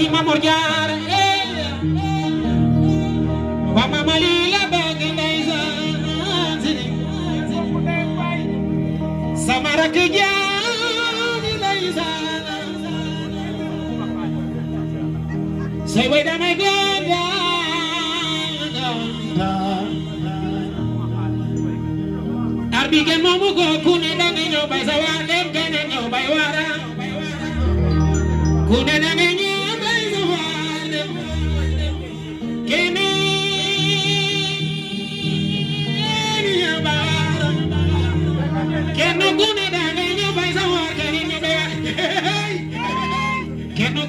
barki Mamour Diarra eh, eh, eh, ba ma ma lii la bëgg ndeysaan si sama rakk jaani ndeysaan say way damay góor arbi kenn moomu góor ku ne danga ñëw bay sa waar dem keneen ñëw bay waara ku ne danga ñëw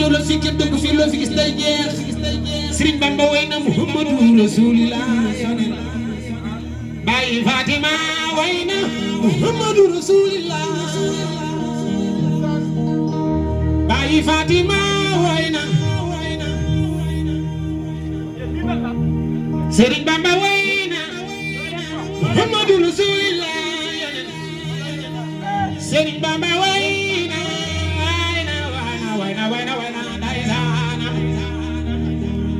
ñëw la fi kenn dëgg fii loo fi gis day jeex Sëriñ Bamba way na Muhammadu Rasulillah Baay Fatima way na Muhammadu Rasulillah Baay Fatima way na Sëriñ Bamba way na Muhammadu Rasulillah Sëriñ Bamba way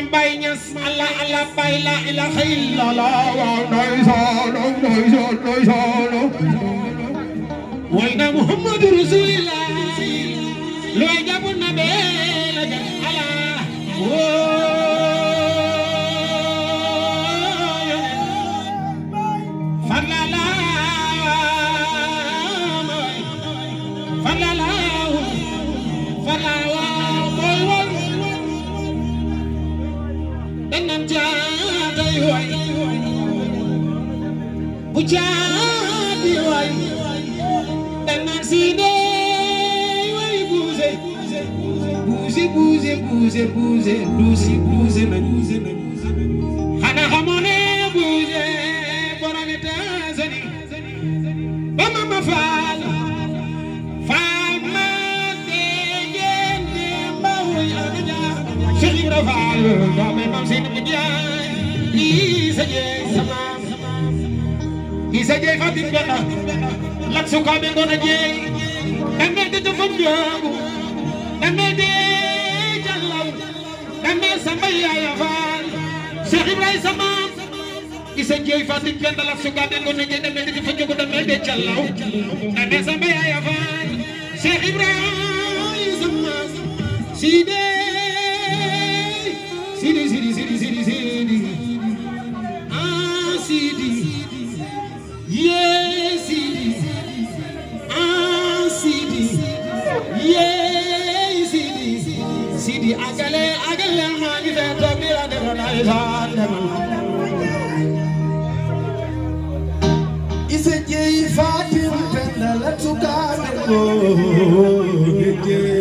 naan Baye Niass allah allah Baye la ilaha illallah waaw doy solo doy solo doy solo way na Muhammadu Rasulillah caabi way danaan si dee way buuse buuse buuse buuse buuse duusi buuse na buuse na xanaa xamoo ne buuse borom Tanzanie ba ma ma faal faal ma dee ngeen dee mbawuy ana jaa Cheikh Ibra Faal ba ma ma seen bu jaay lii sa jee isa jey fatin ɓeɗa lat sukaɓe gona jeey ɗanmede to fonjaagu ɗanmede jallaw ɗanme sambay yaya faal cheikh ibrahima samam isa jey fatin ɓeɗa lat sukaɓe gona jeey ɗanmede to fonjaagu ɗanmede jallaw ɗanme sambay yaya faal cheikh ibrahima samam side moo